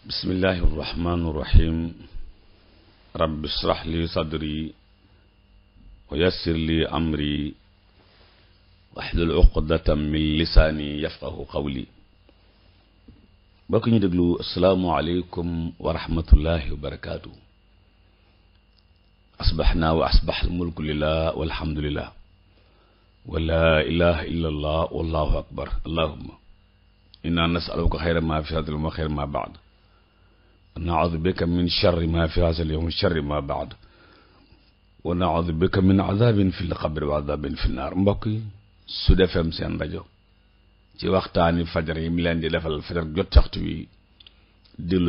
bismillahi irrahmani irrahim rabbi israh li sadri wa yassir li amri waxlul uqdatan min lisaani yafqahu qawli bokk ñu déglu asalaamualeykum wa rahmatullahi wa barakaatuhu asbaxnaa wa asbax almulku lillah walhamdulillah wa laa ilaha illa allah wallahu akbar allahuma inna nasaluka xayra ma fi sadri wa xayra ma baad naaudu bika min charri ma fi haza al yawm charri ma naar mbokk yi seen rajo ci waxtaani fajar yi mu leen di defal fajar jot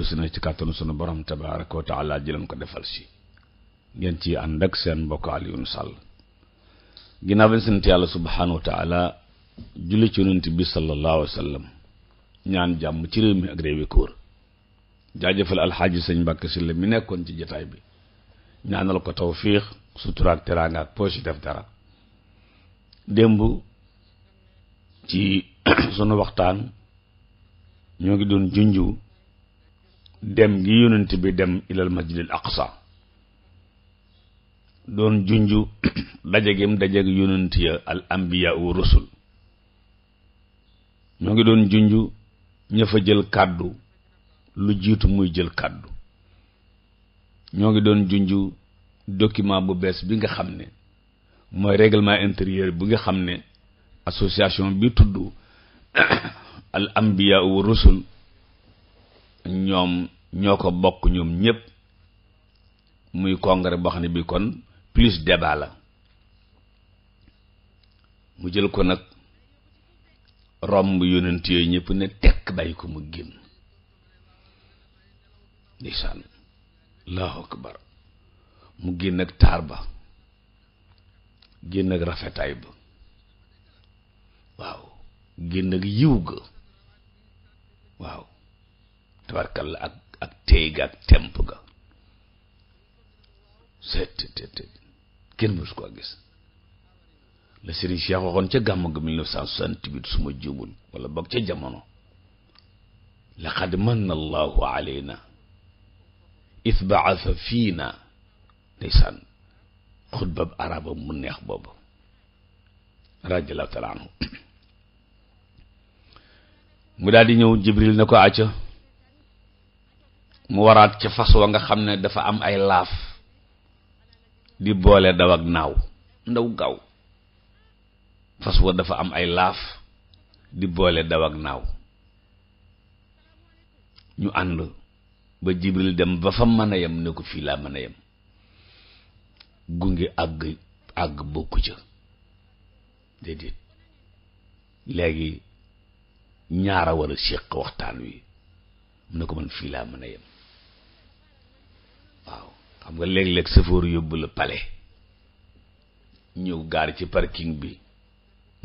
si na ci kàttanu sunu borom tabaaraka wa taala jëleen ko defal si ngeen ci ànd mbokk Alioune Sall ginnaaw bi sant yàlla subhaanahu wa taala ñaan jàmm ci réew mi ak réewi jaajëfal alxaaji sëñ Mbàkke Sylla mi nekkoon ci jataay bi ñaanal ko tawfiix suturaak teraanga ak poche def dara démb ci sunu waxtaan ñoo ngi doon junju dem gi yonent bi dem ilal masjidil aqsa doon junju dajegem dajeg yonent ya al wa rusul ñoo ngi doon junju ñëfa fa jël kàddu lu jiitu muy jël kàddu ñoo ngi doon junj document bu bees bi nga xam ne mooy règlement intérieur bu nga xam ne association bi tudd al anbiya wa rusul ñoom ñoo ko bokk ñoom ñëpp muy congrès boo xam ne bi kon plus débat la mu jël ko nag romb yonent yooyu ñëpp ne tekk bàyyi ko mu génn ndeysaan allahu akbar ba génn ak ba waaw génn ak yiw ga waaw tabarkal la ak ak téy ga ca gàmmu ga 1968 su ma jubul wala boog ca jamono laqad manna allahu alayna isbaasa fiina ndeysaan xutba bu arabam mu neex boobu radiallahu taala mu daal di ñëw jibril ne ko acca mu waraat ca fas wa nga xam ne dafa am ay laaf di boole daw ak naaw ndaw gaaw fas dafa am ay laaf di boole daw ak naaw ñu ànd ba jibril dem ba fa mën a yem ne ko fii laa mën a yem gunge àgg àgg bokku ca déedéet léegi ñaara war a séq waxtaan wi mu ne ko man fii laa mën a yem waaw xam nga léeg-léeg safoor yóbbu la palais ñëw gaar ci parking bi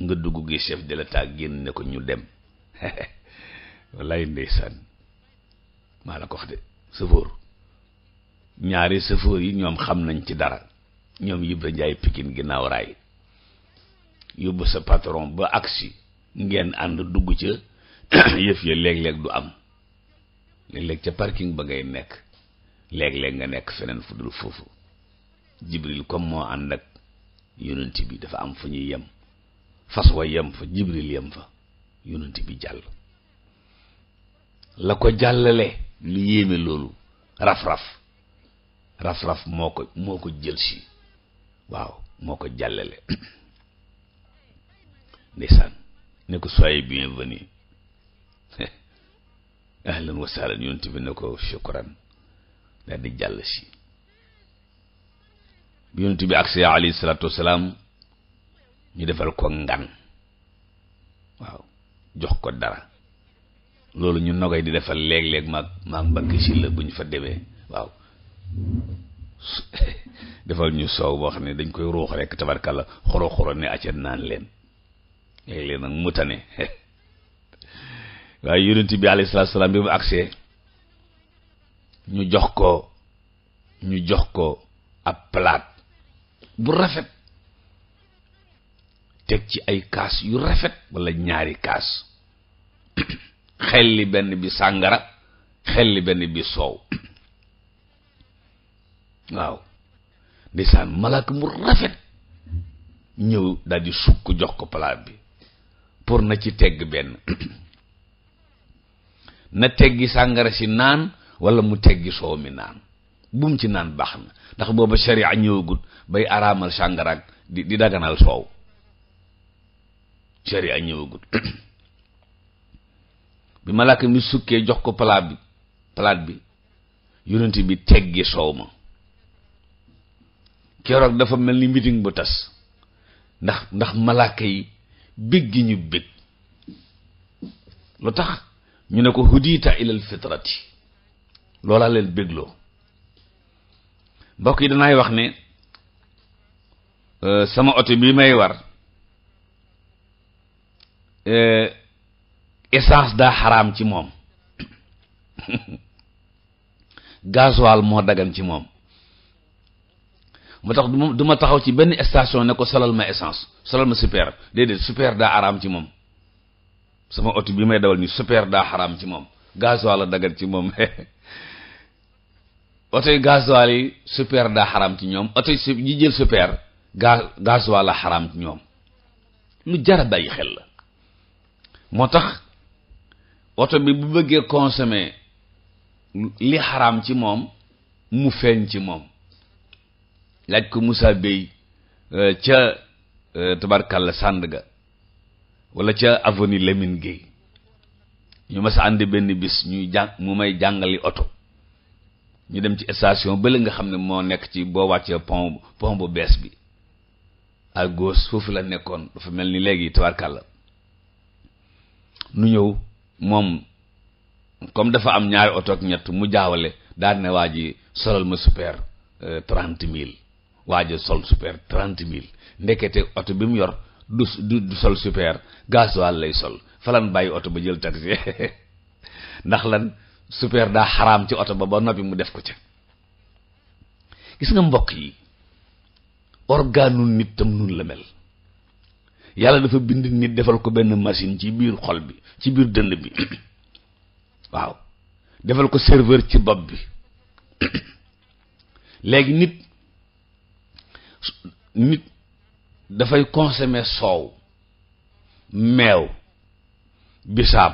nga dugg gi chef de génn ne ko ñu dem wallaay ndeysaan maa la ko wax de sëfoor ñaari sëfoor yi ñoom xam nañ ci dara ñoom yëpp la Njaay Pikine ginnaaw raay yóbbu sa patron ba agsi ngeen ànd dugg ca yëf ya léeg-léeg du am léeg-léeg ca parking ba ngay nekk léeg-léeg nga nekk feneen fu dul foofu jibril comme moo ànd ak yonent bi dafa am fu ñuy yem fas wa yem fa jibril yem fa yonent bi jàll la ko jàllale lu yéeme loolu raf-raf raf-raf moo ko moo ko jël si waaw moo ko jàllale ndeysaan ne ko soyez bienvenu ahlan wa sahlan yonent bi ne ko shukran daal di jàll si bi yonent bi agsi alayhi salaatu wasalaam ñu defal ko ngan waaw jox ko dara loolu ñu nogay di defal léeg-léeg maag maag mbakki si bu ñu fa demee waaw defal ñu soow boo xam ne dañ koy ruux rek tabarkalla xoro xoro ne acca naan leen léeg-léeg nag mu tane waaye yonent bi alayhi salaatu salaam bi mu agsee ñu jox ko ñu jox ko ab palaat bu rafet teg ci ay kaas yu rafet walla ñaari kaas xelli benn bi sàngara xelli benn bi soow waaw ndeysaan malaaka mu rafet ñëw daal di sukk jox ko palaat bi pour na ci tegg benn na teggi sàngara si naan wala mu teggi soow mi naan bum ci naan baax na ndax booba sharia ñëwagut bay araamal sàngara ak di di daganal soow sharia ñëwagut bi malaaka mi sukkee jox ko palaat bi palaat bi yonent bi teggi soow ma keroog dafa mel ni meeting bu tas ndax ndax malaaka yi bég gi ñu bég lu tax ñu ne ko hudita ilal fitrati loolaa leen bégloo mbokk yi danaay wax ne euh, sama oto bi may war euh, essence daa xaraam ci moom gasoil moo dagan ci moom moo tax du ma taxaw ci benn station ne ko solal ma essence solal ma super déedéet super daa xaraam ci moom sama oto bi may dawal ni super daa xaraam ci moom gasoil la dagan ci moom oto yi gasoil yi super daa xaram ci ñoom oto yi ñi jël super ga gasoil la xaraam ci ñoom lu jar day bàyyi xel la moo tax oto bi bu bëggee consommer li xaram ci moom mu feeñ ci moom laaj ko Moussa Bey euh, ca euh, tabarkalla Sandaga walla ca avoni Lamine Gueye ñu mas a ànd benn bis ñuy jàng mu may jàngali oto ñu dem ci station bële nga xam ne moo nekk ci boo wàccee pont bu bees bi à gauche foofu la nekkoon dafa mel ni léegi tabarkalla nu ñëw moom comme dafa am ñaari oto ak ñett mu jaawale daal ne waa ji solal ma super euh, trente mille waa ji sol super trente mille ndekete oto bi mu yor du sol super gasoil lay sol falan bàyyi oto ba jël taxi ndax lan super daa xaraam ci oto ba ba noppi mu def ko ca gis nga mbokk yi organu nit tam nun la mel yàlla dafa bind nit defal ko benn machine ci biir xol bi ci biir dënd bi waaw defal ko serveur ci bopp bi léegi nit nit dafay consommer soow meew bisaab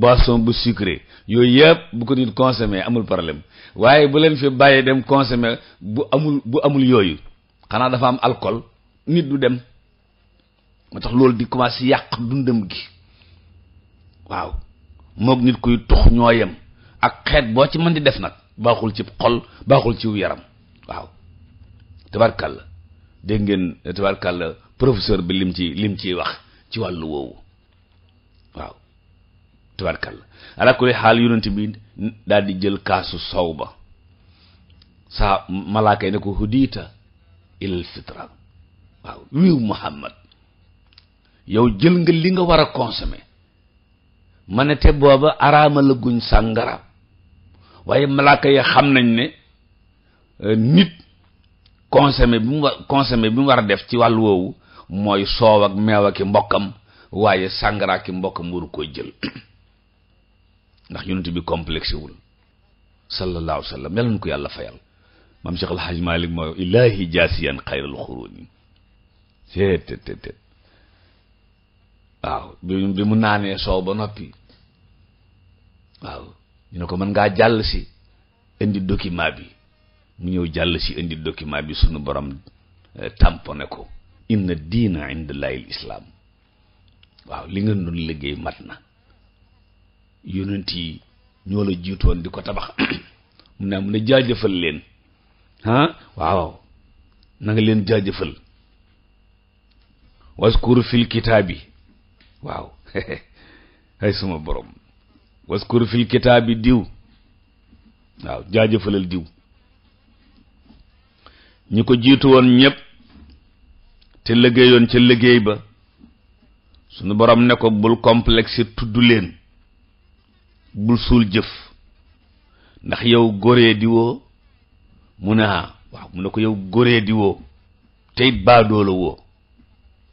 boisson bu sucré yooyu yëpp bu ko nit consommer amul problème waaye bu leen fi bàyyee dem consommer bu amul bu amul yooyu xanaa dafa am alcool nit du dem moo tax loolu di commencé yàq dundam gi waaw moog nit kuy tux ñoo yem ak xeet boo ci mën di def nag baaxul ci xol baaxul ci yaram waaw tabarkàlla dégg ngeen tabarkàlla professeur bi lim ci lim ciy wax ci wàllu woowu waaw tabarkàlla ala kulli xaal yonent bi daal di jël kaasu sow ba sa malaaka yi ne ko hudiita ilal fitra waaw wiiw muhammad yow jël nga li nga war a consommer ma ne te booba araama la guñ sàngara waaye malaaka yi xam nañ ne euh, nit consommer bi mu war consommer bi mu war a def ci wàll woowu mooy soow ak meew ak i mbokkam waaye sàngara ak i mbokkam waru koo jël ndax yonent bi complexe wul sallallahu alayhi wa yàlla na ko yàlla fayal maam Cheikh El Hadj mooy ilaahi jaasiyan xayral xuruuni waaw bi bi mu naanee soow ba noppi waaw ñu ne ko mën ngaa jàll si indi document bi mu ñëw jàll si indi document bi suñu borom eh, tamponné ko in diina indallaahi islaam waaw li nga nun liggéey mat na yonent yi ñoo la jiitoon di ko tabax mu ne mu ne jaajëfal leen ah waaw na leen jaajëfal waskur fil kitaabi waaw ay suma borom waskur fil kitaabi diw waaw jaajëfalal diw ñu ko jiitu woon ñépp te liggéeyoon ca liggéey ba suñu borom ne ko bul complexe tudd leen bul suul jëf ndax yow goree di woo mu ne ah, waaw mu ne ko yow goree di woo tey baadoola woo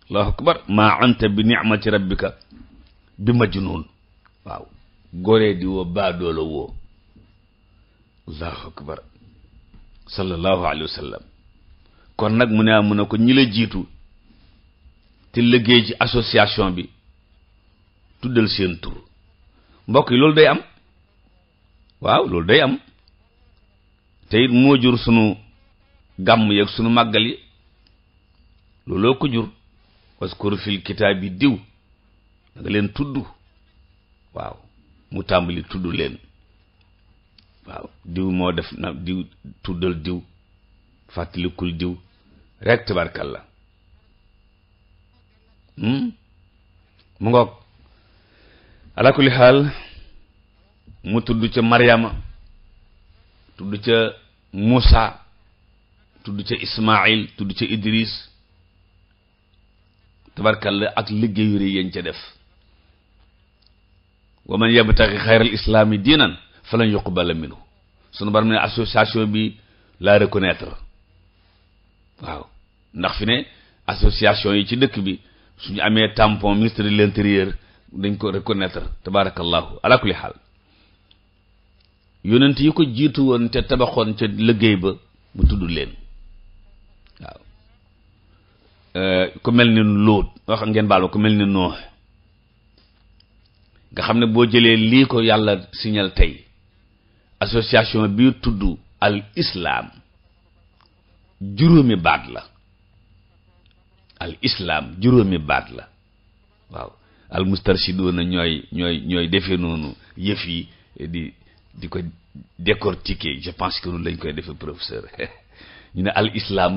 allahu akbar maa anta bi ni'mati rabbika bi majnun waaw goree di woo baadoola woo allahu akbar sallallahu alayhi wa kon nag mu ne a mu ne ko ñi jiitu ti liggéey ci association bi tuddal seen tur mbokk yi loolu day am waaw loolu day am te it moo jur sunu gàmm yeeg sunu màggal yi looloo ko waskur fil kitaabi diw da leen tudd waaw mu tàmbali tudd leen waaw diw moo def na diw tuddal diw fàttalikul diw rek tabarkalla hmm? mu ngoog ala kulli xaal mu tudd ca mariyama tudd ca Muusa tudd ca Ismaayil tudd ca Idris tabarkalla ak liggéeyu rëy yañ ca def wa man yabtaxi xayral islaami diinan falan yuqbala minhu sunu bar mu ne association bi la reconnaître waaw ndax fi ne association yi ci dëkk bi suñu amee tampon ministre de l'intérieur dañ ko reconnaître tabarakallahu ala kulli xaal yonent yi ko jiitu woon te tabaxoon ca liggéey ba mu tudd leen Euh, ku mel ni lóot ngeen baal ma ku mel nga xam ne boo jëlee lii ko yàlla signal tey association bi tudd al islaam juróomi baat la al islaam juróomi baat la waaw al mustarshidoona ñooy ñooy ñooy defee noonu yëf yi di di ko décortiquer je pense que noonu lañ koy defee professeur ñu ne al islaam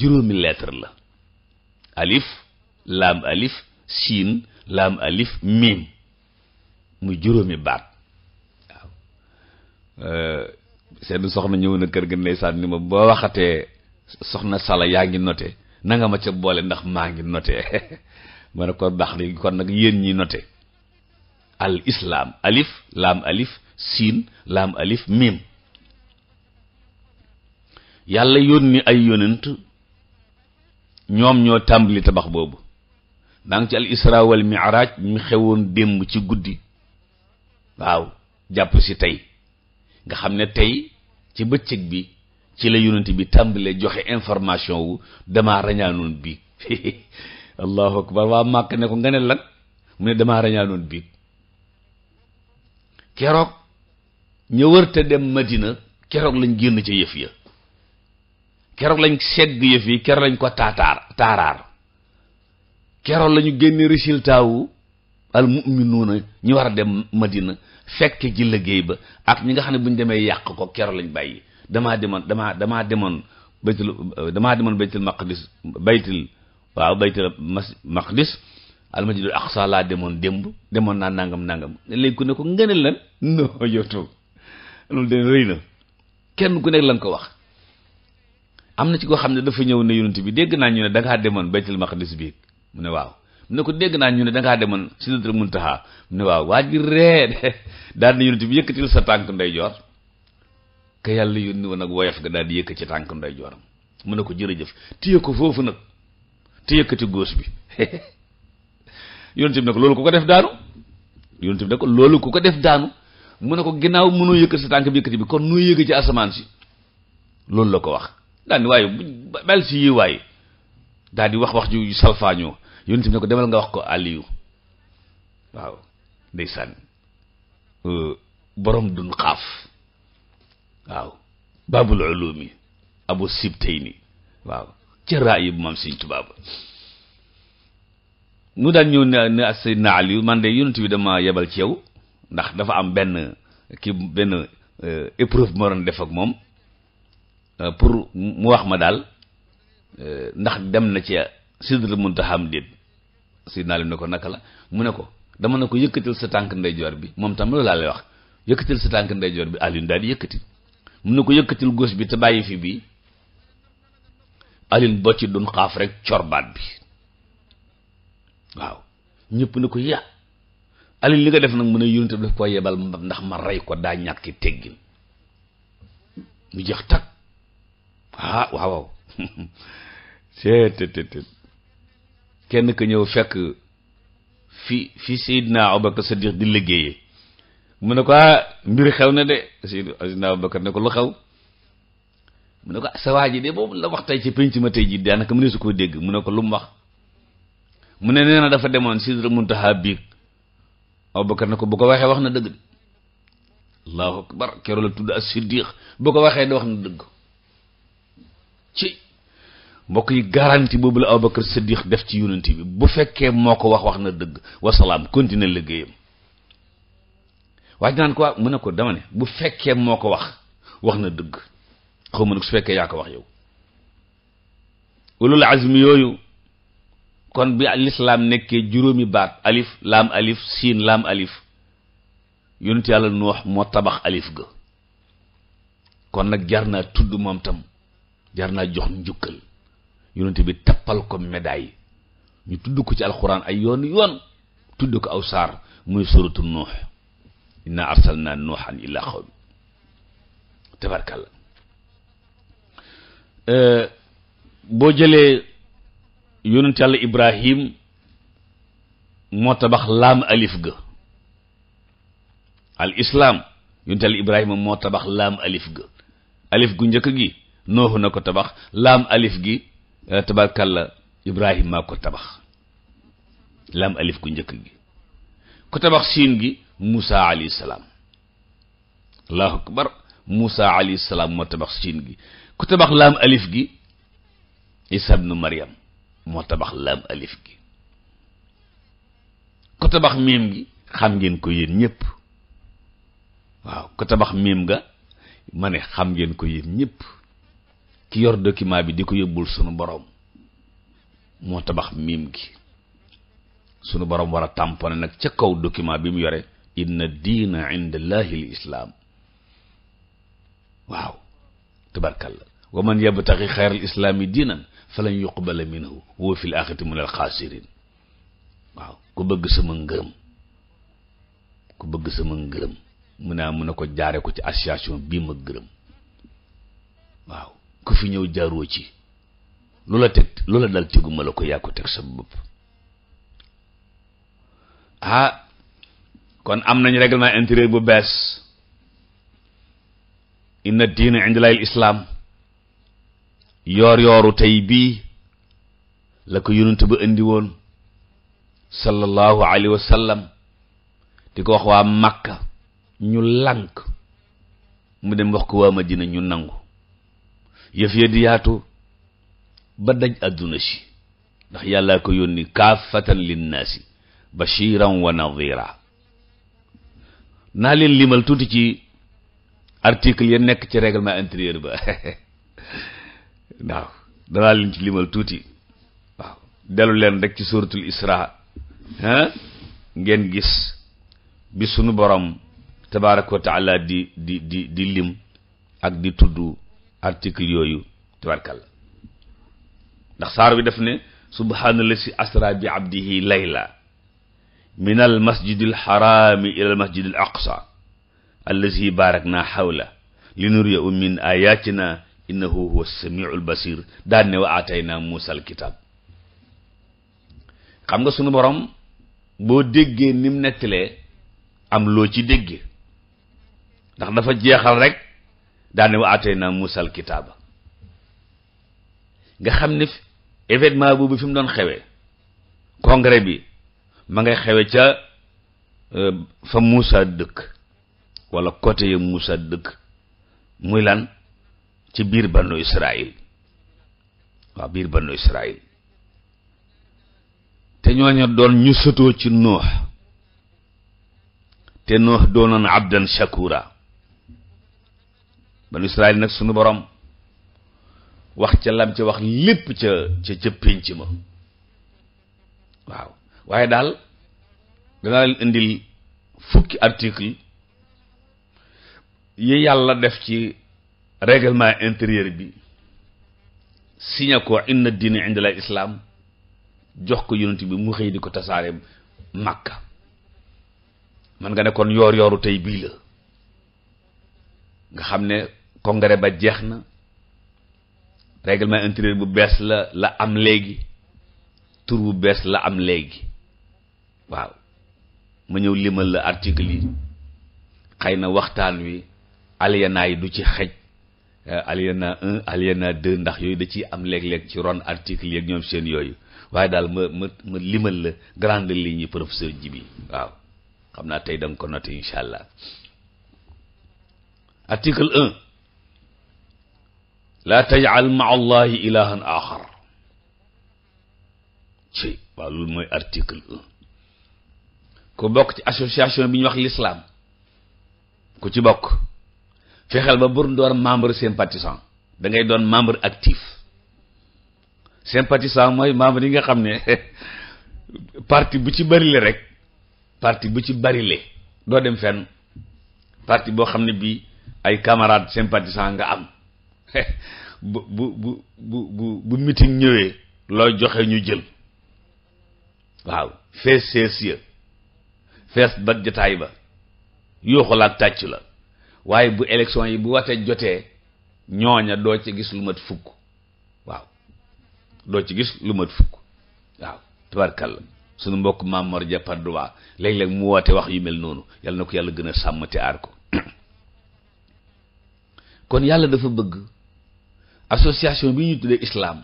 juróomi lettre la alif laam alif siin laam alif miim muy juróomi baat waaw eh, soxna ñëw kër gën ndeysaan ni ma boo waxatee soxna sala yaa ngi note nanga ma ca boole ndax maa ngi note ma ne ko baax léegi kon nag yéen ñi note al islaam alif laam alif siin laam alif miim yàlla yónni ay yonent ñoom ñoo tàmbali tabax boobu maa ngi ci al isra wal mi'raj mi xewoon démb ci guddi waaw jàpp si tey nga xam ne tey ci bëccëg bi ci la yonent bi tàmbalee joxe information wu damaa rañaanoon biig allahu akbar waa màkk ne ko nga ne lan mu ne damaa rañaanoon biig keroog ña wërte dem madina keroog lañ génn ca yëf ya keroog lañ segg yëf yi keroog lañ ko taataar taaraar keroon la ñu génne résultat wu al ñu war a dem madina fekk ji liggéey ba ak ñi nga xam ne bu ñu demee yàq ko keroon lañ bàyyi damaa demoon damaa damaa demoon baytul damaa demoon baytul maqdis baytul waaw baytul mas maqdis almasjidul aqsa laa demoon démb demoon naa nangam nangam léegi ku ne ko ngëneel lan loolu de rëy na kenn ku nekk lan ko wax am na ci koo xam ne dafa ñëw ne yonent bi dégg naa ñu ne da ngaa demoon baytul maqdis bi mu ne waaw mu ne ko dégg naa ñu ne da ngaa demoon sidratul muntaha mu ne waaw waa ji ree de daal na yonent bi yëkkatil sa tànk ndeyjoor ka yàlla yónni woon ak woyof ga daal di yëkk ci tànk ndeyjooram mu ne ko jërëjëf téye ko foofu nag te yëkkati góos bi yonent bi ne ko loolu ku ko def daanu yonent bi ne ko loolu ku ko def daanu mu ne ko ginnaaw mënoo yëkkati sa tànk bi yëkkati bi kon noo yëg ci asamaan si loolu la ko wax daan waaye bal si yi waay daal di wax wax ju salfaañoo yonent bi ne ko demal nga wax ko Aliyu waaw ndeysaan euh, borom dun xaaf waaw baabul ulumi abu sibtayni waaw ca raay bu maam Sëriñ Tuubaa ba nu daan ñëw ne ne Seydina Aliyu man de yonent bi dama yebal ci yow ndax dafa am benn kii benn euh, épreuve moo def ak moom Euh, pour mu wax ma daal euh, ndax dem na ci sidr muntaxam déet si naa lim ne ko naka la mu ne ko dama ne ko yëkkatil sa tànk ndeyjoor bi moom tam loolu wax yëkkatil sa tànk ndeyjoor bi Alioune daal yëkkati mu ne ko yëkkatil goos bi te bàyyi fi bii Alioune bocci dun xaaf rek corbaat bi waaw ñëpp ne ko ya Alioune li nga def nag mu ne yunte daf ko yebal ndax ma rey ko daa ñàkki teggin mu jeex takk ah waaw waaw kenn ka ñëw fekk fi fi Seydina Abubakar Sadiq di liggéeye mu ne ko ah mbir xew na de Seydina Abubakar ne ko lu xew mu ne ko sa waa ji de boobu la wax tey ci penc ma tey ji daanaka mu ne su koo dégg mu ne ko lu mu wax mu ne nee dafa demoon Sidratul Muntaha biir Abubakar ne ko bu ko waxee wax na dëgg de allahu akbar keroog la tudd as-Siddiq bu ko waxee de wax na dëgg ci mbokk yi garantie boobu la Abubakar Siddiq def ci yonent bi bu fekkee moo ko wax wax na dëgg wasalaam continuer liggéeyam waaye naan ko mu ne ko dama ne bu fekkee moo ko wax wax na dëgg xaw ma nag su fekkee yaa ko wax yow ulul azmi yooyu kon bi lislaam nekkee juróomi baat alif laam alif siin laam alif yonent yàlla noox moo tabax alif ga kon nag jar naa tudd moom tam jar naa jox njukkal yonent bi tappal ko médaille ñu tudd ko ci alxuraan ay yoon yoon tudd ko aw saar muy suratu nuux inna arsalna nuuxan ila xawmi tabarkàlla boo jëlee yonent yàlla ibrahim moo tabax laam alif ga al islaam yonent yàlla ibrahima moo tabax laam alif ga gu njëkk gi nooxu na ko tabax laam alif gi eh, tabarkalla ibrahima ko tabax laam alif ku njëkk gi ko tabax siin gi Moussa alayhi salaam allahu akbar Moussa alayhi salaam moo tabax siin gi ku tabax laam alif gi Isa ibnu Maryam moo tabax laam alif gi ku tabax miim gi xam ngeen ko yéen ñëpp waaw ku tabax miim nga ma ne xam ngeen ko yéen ñëpp ki yor document bi di ko yóbbul sunu borom moo tabax miim gi sunu boroom war a tamponné nag ca kaw document bi mu yore inna diina inda llahi l islaam waaw tabarkalla wa man yabtaxi xayra al islaami diinan falan yuqbala minhu wa fi l axirati min al xaasirin waaw ku bëgg sama ngërëm ku bëgg sama ngërëm mun naa ah, mun a ko jaare ko ci association bii ma gërëm waaw ku fi ñëw jaaroo ci lu la teg lu la dal teguma la ko yaa ko teg sa bopp ah, kon am nañ règlement intérieur bu bees inna diina indilayil islaam yoor yooru tey bii la ko yonent ba indi woon sallallahu alayhi wa di ko wax waa Makka ñu lànk mu dem wax ko waa dina ñu nangu yëf ya di yaatu ba daj àdduna si ndax yàlla ko yónni kaafatan linnaasi bashiran wa nadira naa leen limal tuuti ci article ya nekk ci règlement intérieur ba waaw danaa leen ci limal tuuti waaw leen rek ci suratul isra ngeen gis bi sunu borom tabaaraka wa taala di di di di lim ak di tudd article yooyu tubarkalla ndax saar bi def ne subhaanala si asra bi abdihi layla min al masjid al xaraami ila al masjid al aqsa allazi barak naa xawla li u min ayatina innahu huwa samiu al basir daan ne wa aatayna muusa al kitab xam nga sunu borom boo déggee nim nettalee am loo ci déggee ndax dafa jeexal rek daane wa na naa musal kitaaba nga xam ne événement boobu fi mu doon xewee congrès bi ma ngay xewe ca euh, fa Moussa dëkk walla côté ya Moussa dëkk muy lan ci biir bannu Israël waaw biir bannu Israël te ñooñu doon ñu sotoo ci Nuux te Nuux doonoon abdan shakura banu Israayil nag sunu borom wax ca lam ca wax lépp ca ca ca pénc ma waaw waaye daal danaa leen indil fukki article yi yàlla def ci règlement intérieur bi signé ko inna diine inda la islaam jox ko yonent bi mu xëy di ko tasaare Makka man nga ne kon yoor yooru tey bii la nga xam ne congrès ba jeex na règlement intérieur bu bees la la am léegi tur bu bees la am léegi waaw ma ñëw limal la article yi xëy na waxtaan wi alinéa yi du ci xej euh, alinéa un alinéa deux ndax yooyu da ciy am léeg-léeg ci ron article yeeg ñoom seen yooyu waaye daal ma ma ma limal la grande ligne yi professeur jibi waaw xam naa tey da ko noté incha allah article laa tajal ma allahi ilahan axar ci waaw loolu mooy article un ku bokk ci association bi ñu wax lislaam ku ci bokk fexeel ba bur doon membre sympathisant da ngay doon membre actif sympathisant mooy membre yi nga xam ne parti bu ci bari le rek parti bu ci bari le doo dem fenn parti boo xam ne bi ay camarades sympathisants nga am bu bu bu bu bu meeting ñëwee loo joxe ñu jël waaw fees sees ya fees ba jotaay ba yuuxul ak tàcc la waaye bu élection yi bu watee jotee ñooña doo ci gis lu mat fukk waaw doo ci gis lu mat fukk waaw tabarkalla sunu mbokk Mamor Dia Padoa léeg-léeg mu woote wax yu mel noonu yàlla na ko yàlla gën a sàmm te aar ko kon yàlla dafa bëgg association bi ñu tuddee islam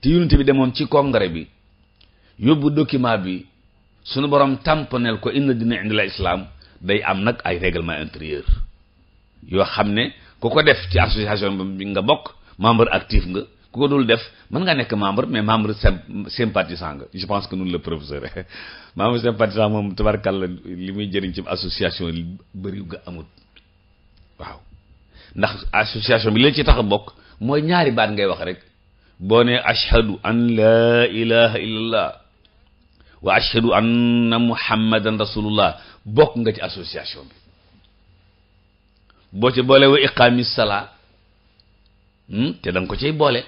te unité bi demoon ci congrès bi yóbbu document bi sunu borom tamponel ko inna dina la islam day am nag ay règlement intérieur yoo xam ne ku ko def ci association bi nga bokk membre actif nga ku ko dul def mën nga nekk membre mais membre sympathisant nga je pense que nun la professeur membre sympathisant moom tabarkàlla li muy jëriñ ci association bëriw nga amut waaw ndax association bi li ci tax a bokk mooy ñaari baat ngay wax rek boo ne ashhadu an laa ilaha illallah wa ashhadu anna muhammadan rasulullah bokk nga ci association bi boo ci boole wa iqaami salaa hmm, te danga ko ciy boole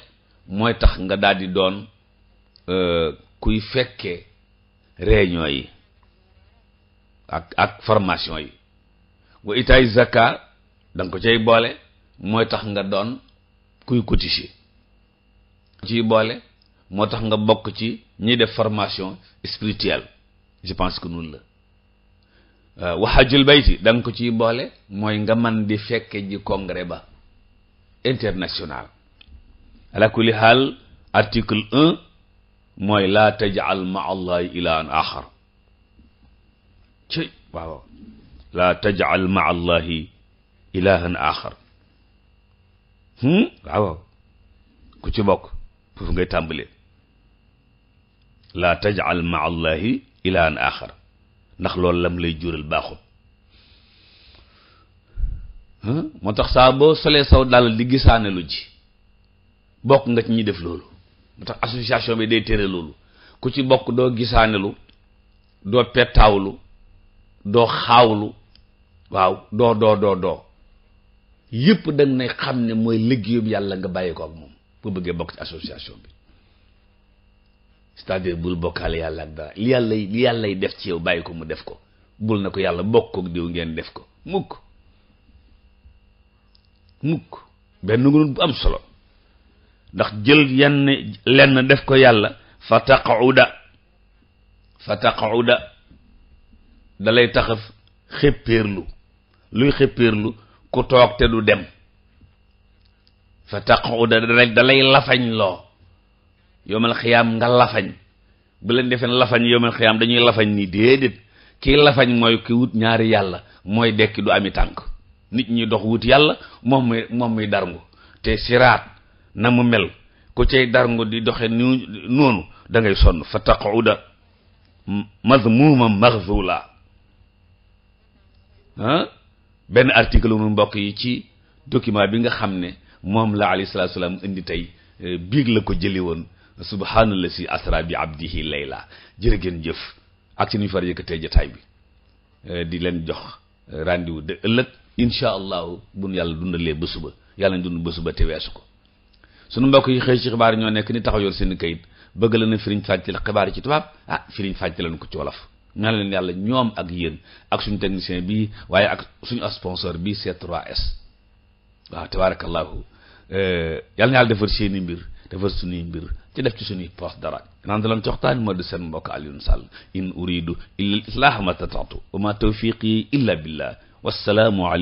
mooy tax nga daal di doon euh, kuy fekkee réunion yi ak ak formation yi wa itaay zaka da ko cay boole mooy tax nga doon kuy cotiser ci boole moo tax nga bokk ci ñiy def formation spirituelle je pense que noonu la euh, waxajul bayti da nga ko ciy boole mooy nga man di fekke ji congrès ba international ala kulli haal article un mooy laa tajal ma allahi ilahan axar ci Hmm? waaw ku ci bokk foofu ngay tàmbalee laa tajal ma allahi ilahan axar ndax loolu lam lay jural baaxul hmm? moo tax saa boo solee saw dàll di gisaane lu ji bokk nga ci ñi def loolu moo tax association bi day tere loolu ku ci bokk doo gisaanelu doo pettaawlu doo xaawlu waaw doo doo doo doo yëpp da nga ne xam ne mooy liggéeyum yàlla nga bàyyi ko ak moom bu bëggee bokk ci association bi cest bul bokkaale yàlla ak dara li yàlla li yàllay def ci yow bàyyi ko mu def ko bul na ko yàlla bokk ak diw ngeen def ko mukk mukk benn ngunut bu am solo ndax jël yenn lenn def ko yàlla fa taqauda fa taqauda dalay taxaf xéppéerlu luy xéppéerlu ku toog te du dem fa taquda rek dalay lafañ loo yowmal xiyaam nga lafañ bu leen defeen lafañ yowmal xiyaam dañuy lafañ ni déedéet kii lafañ mooy ki wut ñaari yàlla mooy dekki du ami tànk nit ñi dox wut yàlla moom muy moom muy darngu te siraat na mu mel ku cay darngu di doxe ni noonu da sonn fa taquda mazmuma maxzula ah benn article mu mbokk yi ci document bi nga xam ne moom la alayhi salaatu salaam indi tey euh, biig la ko jëli woon subhaanallah si asra bi abdihi layla jër ngeen jëf ak si nuñ far yëkkatee jataay bi euh, di leen jox rendez-vous de ëllëg incha allahu buñ yàlla dundalee ba suba yàlla ñu dund ba suba te weesu ko nu mbokk yi xëy ci xibaar ñoo nekk ni taxaw yoon seen kayit bëgg la na firiñ fàcc la xibaar yi ci tubaab ah firiñ fàcc leen ko ci wolof ñaan leen yàlla ñoom ak yéen ak suñu technicien bi waaye ak suñu sponsor bi C3S waaw tabarakallahu euh, yal na yàlla defar seeni mbir defar suñuy mbir ci def ci suñuy poos dara naan da loon coxtaan moo di seen mbokk Alioune Sall in uridu illa al islaaha ma tatatu ma tawfiqi illa billah wassalaamu alaykum